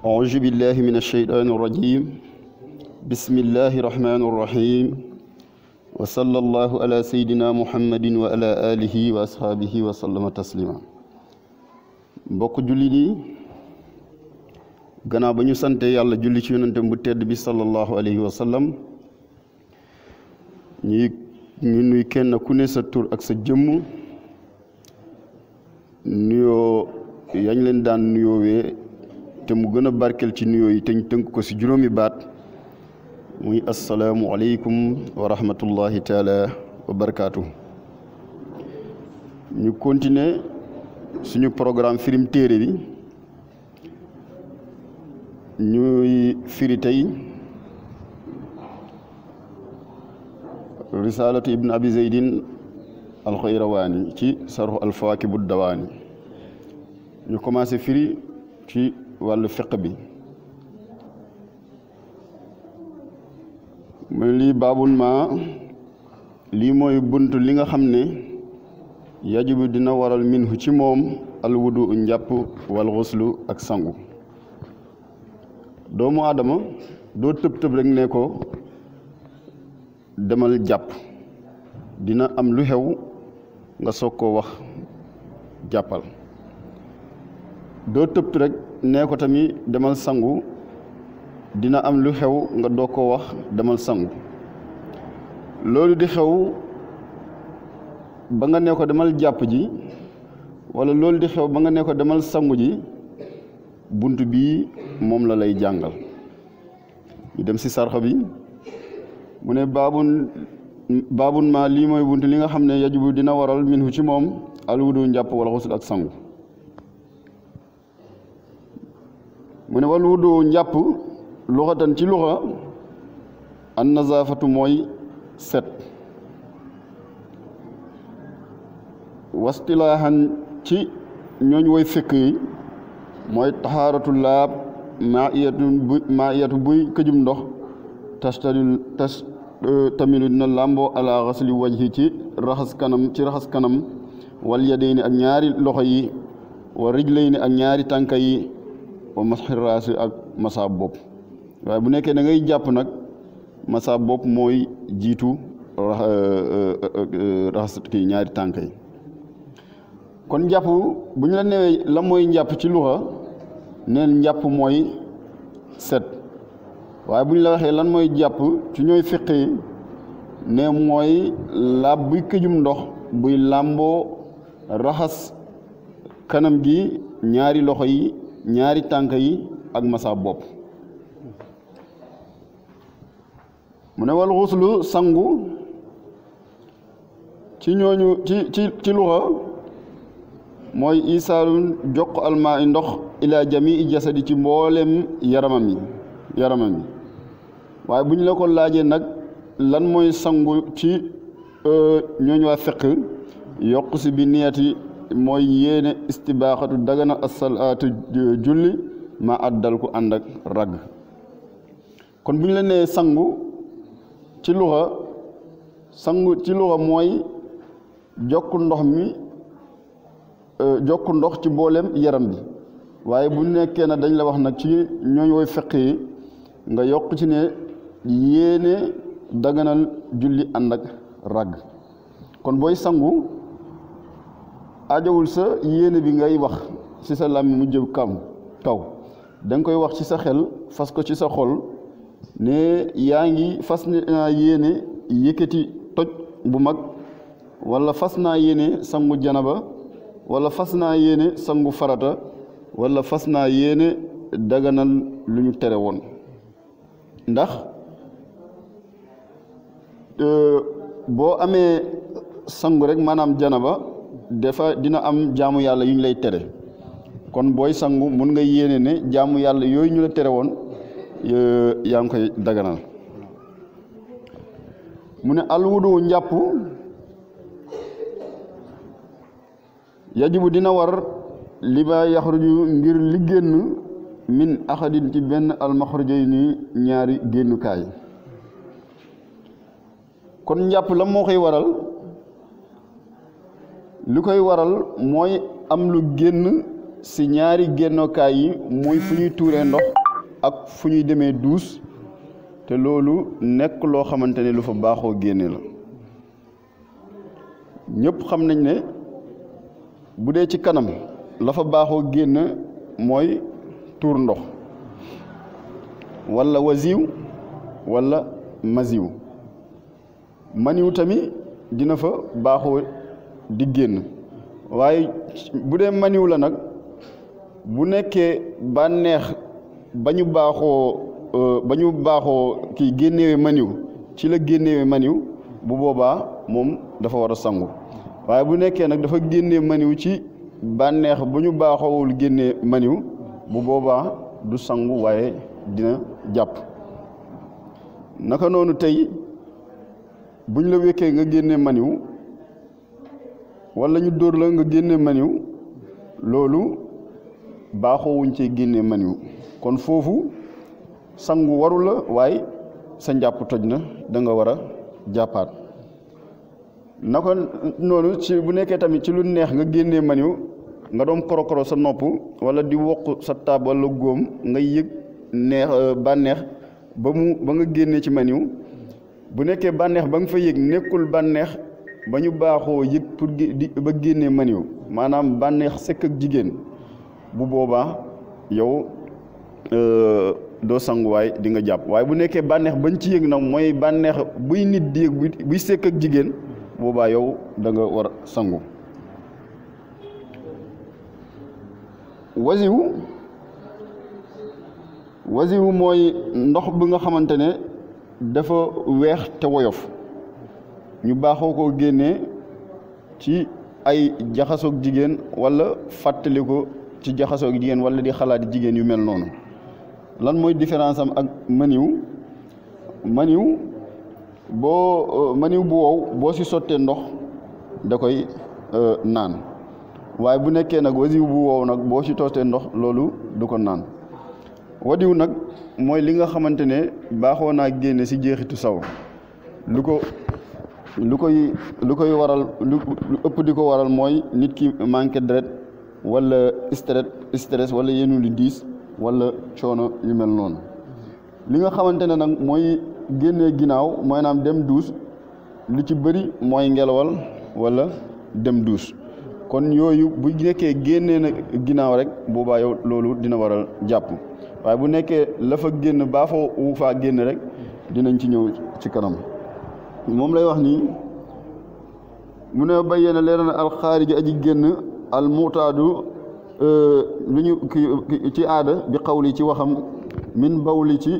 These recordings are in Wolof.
أعوذ بالله من الشيطان الرجيم بسم الله الرحمن الرحيم وصلى الله على سيدنا محمد وعلى آله وأصحابه وسلم تسليما mbokk jullit yi gannaaw ba ñu sante yàlla julli ci yonentam bu tedd bi sallallahu alayhi wa sallam ñuy ñu nuy kenn ku ne sa tur ak sa jëmm nuyoo yañ leen daan nuyoowee te mu gën a barkeel ci nuyoo yi te ñu tënk ko si juróomi baat muy asalaamu aleykum wa rahmatullahi taala wa barakaatu. ñu continuer suñu programme firim téere bi ñuy firi tey risalatu ibn abi zeydin alxayrawaani ci sarxu alfawaakibu dawaani ñu commencé firi ci wàllu fiq bi mooy lii baabul ma lii mooy bunt li nga xam ne yajibu dina waral minhu ci moom alwudu njàpp wal xuslu ak sangu doomu aadama doo tëb tëb rek ne ko demal jàpp dina am lu xew nga soog koo wax jàppal doo tëb rek nee ko tamit demal sangu dina am lu xew nga doo ko wax demal sangu loolu di xew ba nga nee ko demal jàpp ji walla loolu di xew ba nga nee ko demal sangu ji bunt bii moom la lay jàngal ñu dem ci sarxa bi mu ne baabun baabun ma lii mooy bunt li nga xam ne yajubu dina waral minhu ci moom alwudu jàpp walla xusul ak sangu mu ne wal wudu njàpp luxatan ci luxa an nazaafatu mooy set wastilaahan ci ñooñ woy fekk yi mooy taxaaratu laab maa iyatu buy këjum ndox tastadil tas e, tamilu dina làmboo ala xasli wajhi ci raxas kanam ci raxas kanam wal yadayni ak ñaari loxo yi wa rijlayni ak ñaari tànka yi wa masxiraasi ak masaab bopp waaye bu nekkee na ngay jàpp nag masaa bopp mooy jiitu eh, eh, eh, raxas kii ñaari tànk yi kon jàpp bu ñu la newee la njàpp ci luxa njàpp mooy set waaye bu la waxee lan mooy jàpp ci ñooy fiq yi ne mooy laab buy këjum ndox buy làmboo raxas kanam gi ñaari loxo yi ñaari tànk yi ak masa bopp mu ne wal sangu ci ñooñu ci ci ci luxa mooy isaalun jox almaa i ndox ila jamii jasadi ci mboolem yaramam yi yaramam yi waaye bu ñu la ko laajee nag lan mooy sangu ci euh, ñooñu waa fekk yokk si bi niyati mooy yéene istibaaxatu dagana asalaatu julli ma addal ku ànd ak kon bu ñu la nee sangu ci luxa sangu ci luxa mooy jokk ndox mi e, jokk ndox ci booleem yaram bi waaye bu nekkee na dañ la wax na ci ñooñ woy feq yi nga yokk ci ne yéene daganal julli ànd ak kon booy sangu ajowul sa yéene bi ngay wax ci sa làmmi mu jëm kam kaw da koy wax ci sa xel fas ko ci sa xol ne yaa ngi fas naa yéene yëkkati toj bu mag wala fas naa yéene sangu janaba wala fas naa yéene sangu farata walla fas naa yéene daganal lu ñu tere woon ndax euh, boo amee sangu rek maanaam janaba dafa dina am jaamu yàlla yu ñu lay tere kon booy sangu mun nga yéene ne jaamu yàlla yooyu ñu la tere woon yaa ngi koy daganal mu ne alwudu njàpp yajibu dina war li ba ngir li génn min axadin ci benn almaxruja yi ni ñaari génnukaay kon njàpp la moo koy waral li koy waral mooy am lu génn ci ñaari génnokaay yi muy fu ñuy tuuree ndox ak fu ñuy demee duus te loolu nekk loo xamante ne lu fa baaxoo génne la ñëpp xam nañ ne bu dee ci kanam la fa baaxoo génn mooy tuur ndox walla wasiw walla masiw maniw tamit dina fa baaxoo di génn waaye bu dee maniw la nag bu nekkee bànneex ba ñu baaxoo euh, ba baaxoo kii génnewee maniw ci la génnewee maniw bu boobaa moom dafa war a sangu waaye bu nekkee nag dafa génnee maniw ci bànneex bu ñu baaxoowul génnee maniw bu boobaa du sangu waaye dina jàpp naka noonu tey buñ la wékkee nga génnee maniw wala ñu dóor la nga génne maniw loolu baaxoowuñ ci génne maniw kon foofu sangu waru la waaye sa njàpp toj na danga nga war a jàppaat na ko noonu ci bu nekkee tamit ci lu neex nga génnee maniw nga doon korokoro sa nopp wala di wokk sa taab wala góom nga yëg neex euh, bànneex ba mu ba nga génne ci maniw bu nekkee bànneex ba nga fa yëg nekkul bànneex ba ñu baaxoo yëg pour di ba génnee maniw maanaam bànneex sekk ak jigéen bu boobaa yow euh, doo sanguwaay dinga nga jàpp waaye bu nekkee bànneex bañ ci yëg nag mooy bànneex buy nit di yëg buy sekk ak jigéen boobaa yow da nga war sangu wasiwu wasiwu mooy ndox bi nga xamante ne dafa weex te woyof ñu baaxoo ko génnee ci ay jaxasoog jigéen walla fàttali ko ci jaxasoog jigéen wala di xalaat jigéen yu mel noonu lan mooy différence am ak maniw maniw boo euh, maniw bu wow boo ci sottee ndox da koy euh, naan waaye bu nekkee nag wasiw bu wow nag boo ci sottee ndox loolu du ko naan wadiw nag mooy li nga xamante ne baaxoo naa génne si jeexitu saw lu ko lu koy lu koy waral lu ëpp di ko waral mooy nit ki manqué deret walla stress stress wala yenu li diis wala coono yu mel noonu li nga xamante ne nag mooy génnee ginnaaw mooy naam dem duus lu ci bëri mooy ngelawal wala dem duus kon yooyu bu nekkee génnee na ginnaaw rek boobaa yow loolu dina waral jàpp waaye bu nekkee la fa génn baa fa wu faa génn rek dinañ ci ñëw ci kanam moom lay wax nii mu ne bayyana leeral na alxaariji aji génn al mutaadu euh, lu ñu ci aada bi xawli ci waxam min bawli ci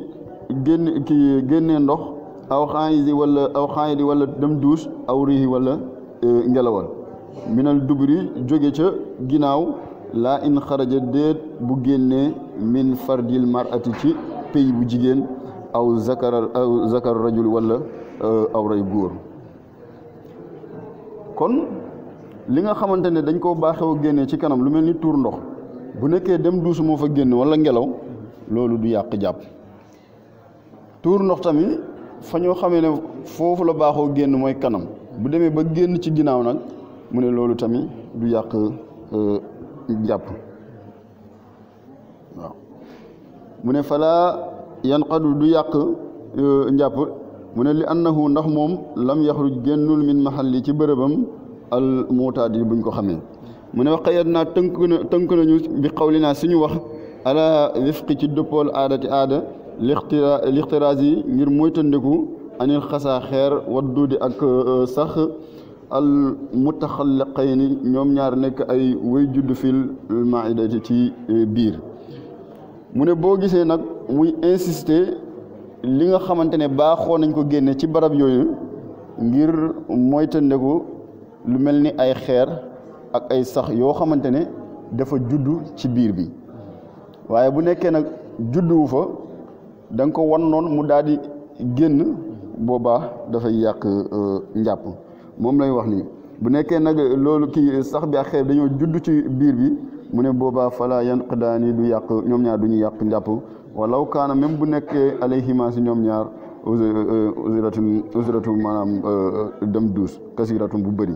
génn ki génnee ndox aw xaayidi wala aw xaayidi wala dem duus aw riixi wala euh, ngelawal minal dubri jóge ca ginnaaw laa in xaraja déet bu génnee min fardil marati ci pey bu jigéen aw zakar aw zakar rajul wala Euh, awray góor kon li nga xamante ne dañ koo baaxew génnee ci kanam lu mel ni tuur ndox bu nekkee dem duusu moo fa génn walla ngelaw loolu du yàq jàpp tuur ndox tamit fa ñoo xamee ne foofu la baaxoo génn mooy kanam bu demee ba génn ci ginnaaw nag mu ne loolu tamit du yàq euh, jàpp waaw mu ne falaa yanqadu du yàq euh, jàpp mu ne li annahu ndax moom lam yaxruj génnul min mahalli ci bërëbam al mutaad buñ ko xamee mu ne wax xëyat naa tënk na nañu bi xawli naa suñu wax ala wifqi ci dëppool aadati aada lixtiraas yi ngir moytandiku anil xasaa xeer wadduudi ak euh, euh, sax al mutaxalliqayni ñoom ñaar nekk ay way juddu fil maidati ci euh, biir mu ne boo gisee nag muy insister li nga xamante ne baaxoo nañ ko génne ci barab yooyu ngir moytandiku lu mel ni ay xeer ak ay sax yoo xamante ne dafa juddu ci biir bi waaye bu nekkee nag judduwu fa da ko wan noonu mu daal di génn boobaa dafay yàq euh, njàpp moom lay wax nii bu nekkee nag loolu kii sax bi ak xeer dañoo judd ci biir bi mu ne boobaa fala yan daani du yàq ñoom ñaar du yàq njàpp walaw kaanam même bu nekkee alayhima si ñoom ñaar usiratun euh, usiratun maanaam euh, euh, dem duus kasiratun bu bëri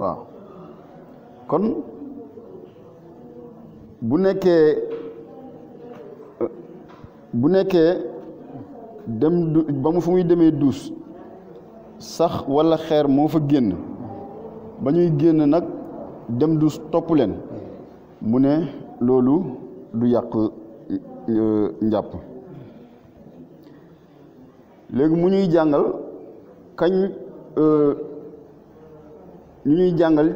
waaw kon bu nekkee bu nekkee dem du ba mu fu muy demee duus sax walla xeer moo fa génn ba ñuy génn nag dem duus topp leen mu ne loolu du yàq e, e, njàpp léegi mu ñuy jàngal kañ e, ñu ñuy jàngal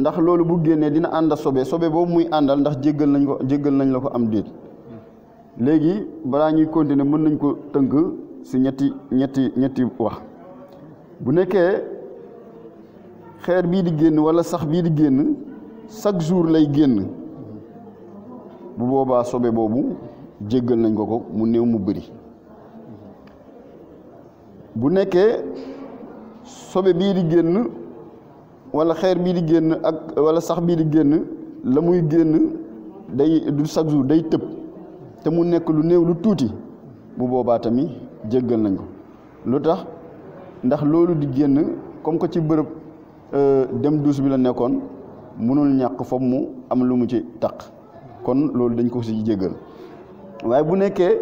ndax loolu bu génnee dina ànd a sobe sobe boobu muy àndal ndax jéggal nañ ko jéggal nañ la ko am déet léegi balaa ñuy continuer mën nañ ko tënk si ñetti ñetti ñetti wax bu nekkee xeer bii di génn walla sax bii di génn chaque jour lay génn bu boobaa sobe boobu jéggal nañ ko ko mu néew mu bëri bu nekkee sobe bii di génn wala xeer bii di génn ak wala sax bii di génn la muy génn day du chaque jour day tëb te mu nekk lu néew lu tuuti bu boobaa tamit jéggal nañ ko lu tax ndax loolu di génn comme que ci bërëb euh, dem duus bi la nekkoon mënul ñàkk foog mu am lu mu ci taq kon loolu dañ ko si jéggal waaye bu nekkee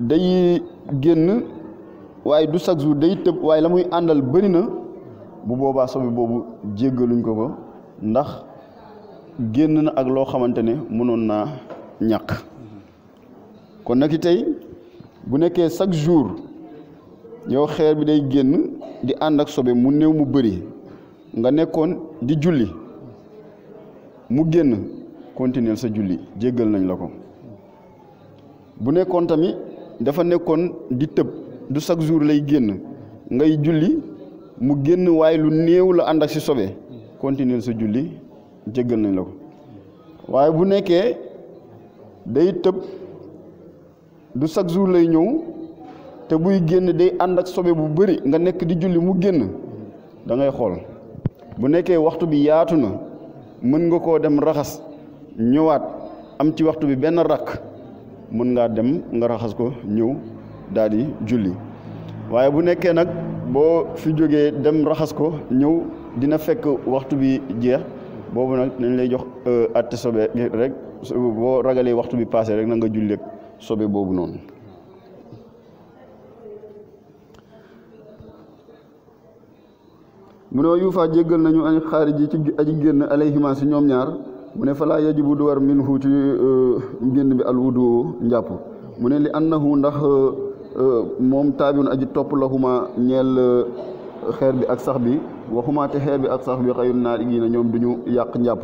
day génn waaye du chaque jour day tëb waaye la muy àndal bëri na bu boobaa sobe boobu jéggaluñ ko ko ndax génn na ak loo xamante ne mënoon naa ñàkk kon nag tey bu nekkee chaque jour yow xeer bi day génn di ànd ak sobe mu néew mu bëri nga nekkoon di julli mu génn continuer sa julli jéggal nañ la ko bu nekkoon tamit dafa nekkoon di tëb du chaque jour lay génn ngay julli mu génn waaye lu néew la ànd ak si sobe continuer sa julli jéggal nañu la ko waaye bu nekkee day tëb du chaque jour lay ñëw te buy génn day ànd ak sobe bu bëri nga nekk di julli mu génn dangay xool bu nekkee waxtu bi yaatu na mën nga koo dem raxas ñëwaat am ci waxtu bi benn rakk mën ngaa dem nga raxas ko ñëw daal julli waaye bu nekkee nag boo fi jógee dem raxas ko ñëw dina fekk waxtu bi jeex boobu nag dañ lay jox euh, atte sobe rek boo ragalee waxtu bi passé rek na nga julleeg sobe boobu noonu mu ne yuufaa jéggal nañu ay xaariji ci aji génn alayhima ñoom ñaar mu ne falaa yajibu du war minhu ci ngénn uh, bi al wudu njàpp mu ne li annahu ndax uh, uh, moom taabiun aji topp la xuma ñeel xeer bi ak sax bi waxuma te xeer bi ak sax bi xëyun naar na ñoom duñu yàq njàpp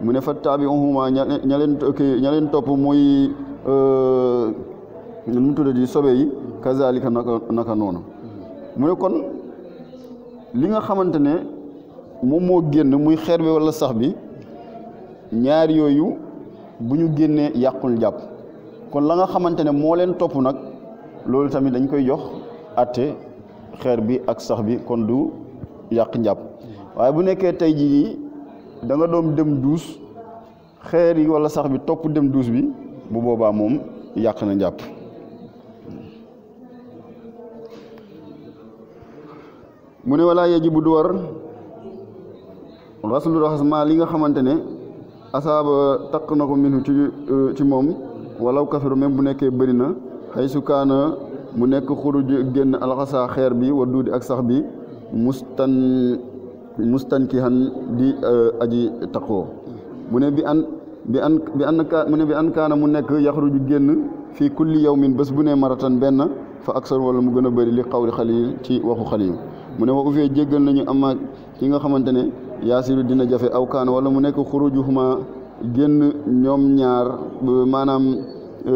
mu ne fa taabi onxuma ña leen ña leen topp mooy nu mu tuddati sobe yi kazalika naka naka noonu mu ne kon li nga xamante ne moom moo génn muy xeer bi walla sax bi ñaar yooyu bu ñu génnee yàqul jàpp kon la nga xamante ne moo leen topp nag loolu tamit dañ koy jox atte xeer bi ak sax bi kon du yàq njàpp waaye bu nekkee tey jii danga doom dem duus xeer yi walla sax bi topp dem duus bi bu boobaa moom yàq na njàpp mu ne walla yeji bu du war raslu raxas ma li nga xamante ne asaaba takk na ko minhu ci euh, ci moom walaw kafiru même bu nekkee bëri na xay mu nekk xuruj génn alxasaa xeer bi wa duudi ak sax bi mustan mustankihan di euh, aji taqoo mu ne bi an bi an bi an mu ne bi an kaana mu nekk yaxruju génn fii kulli yawmin bés bu ne maratan benn fa aksar wala mu gën a bëri li xawli xalil ci waxu xalil mu ne wa ufee jéggal nañu ama ki nga xamante ne yaasiru dina jafe aw kaan wala mu nekk xurujuhuma génn ñoom ñaar maanaam e, e,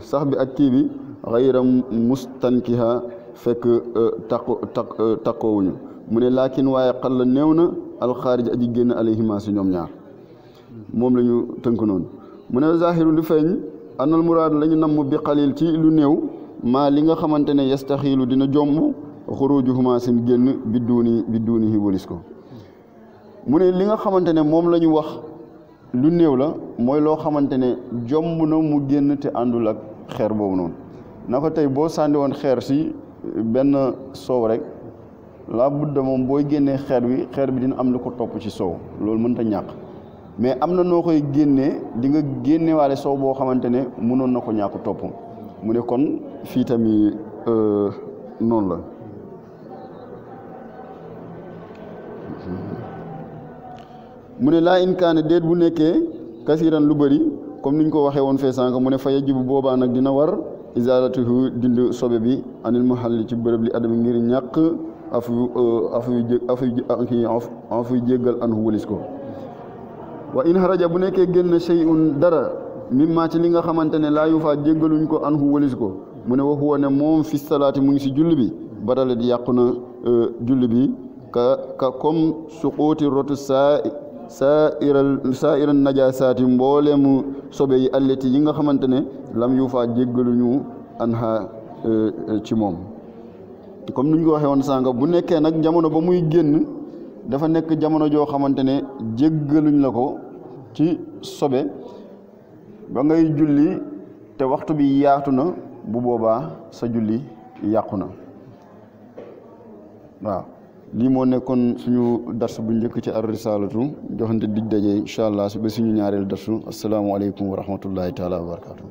sax bi ak kii bi xayra mustankiha fekk e, taqo taq taqoowuñu mu ne laakin waaye xal la néew na alxaarij aji génn alayhima si ñoom ñaar moom lañu tënk noonu mu ne zahiru li feeñ anal muraad la ñu namm bi xalil ci lu néew maa li nga xamante ne yastaxiilu dina jomb xurujuhuma sin génn bi duuni bi duuni hi walis ko mu ne li nga xamante ne moom la ñu wax lu néew la mooy loo xamante ne jomb na mu génn te àndul ak xeer boobu noonu na ko tey boo sànni woon xeer si benn soow rek laa budda moom booy génnee xeer wi xeer bi dina am lu ko topp ci soow loolu mën ta ñàkk mais am na noo koy génnee di nga génnewaale soow boo xamante ne mënoon na ko ñàkk topp mu ne kon fii tamit euh, noonu la mu ne laa in kaane déet bu nekkee kasiran lu bëri comme niñ ko waxee woon fee sànq mu ne faya jibu boobaa nag dina war isaalatuhu dind sobe bi anil muhalli ci bërëb li adami ngir ñàkk afu afu afuy jéggal an walis ko wa in haraja bu nekkee génn shay'un dara mimma ci li nga xamante ne laa yu faa jéggaluñ ko an walis ko mu ne waxu woon ne moom fi salaati mu ngi si julli bi badale di yàqu na euh, julli bi ka ka comme suquuti rotu saa sairal sairal najasaati mboolemu sobe yi alleti yi nga xamante ne lam yu faa jéggaluñu anha ci moom comme ni ko waxee woon bu nekkee nag jamono ba muy génn dafa nekk jamono joo xamante ne jéggaluñ la ko ci sobe ba ngay julli te waxtu bi yaatu na bu boobaa sa julli yàqu na waaw lii moo nekkoon suñu dars bu njëkk ci ar risalatu joxante dig daje incha allah si ba suñu ñaareel darsu asalaamualeykum wa rahmatullahi taala wa barakatu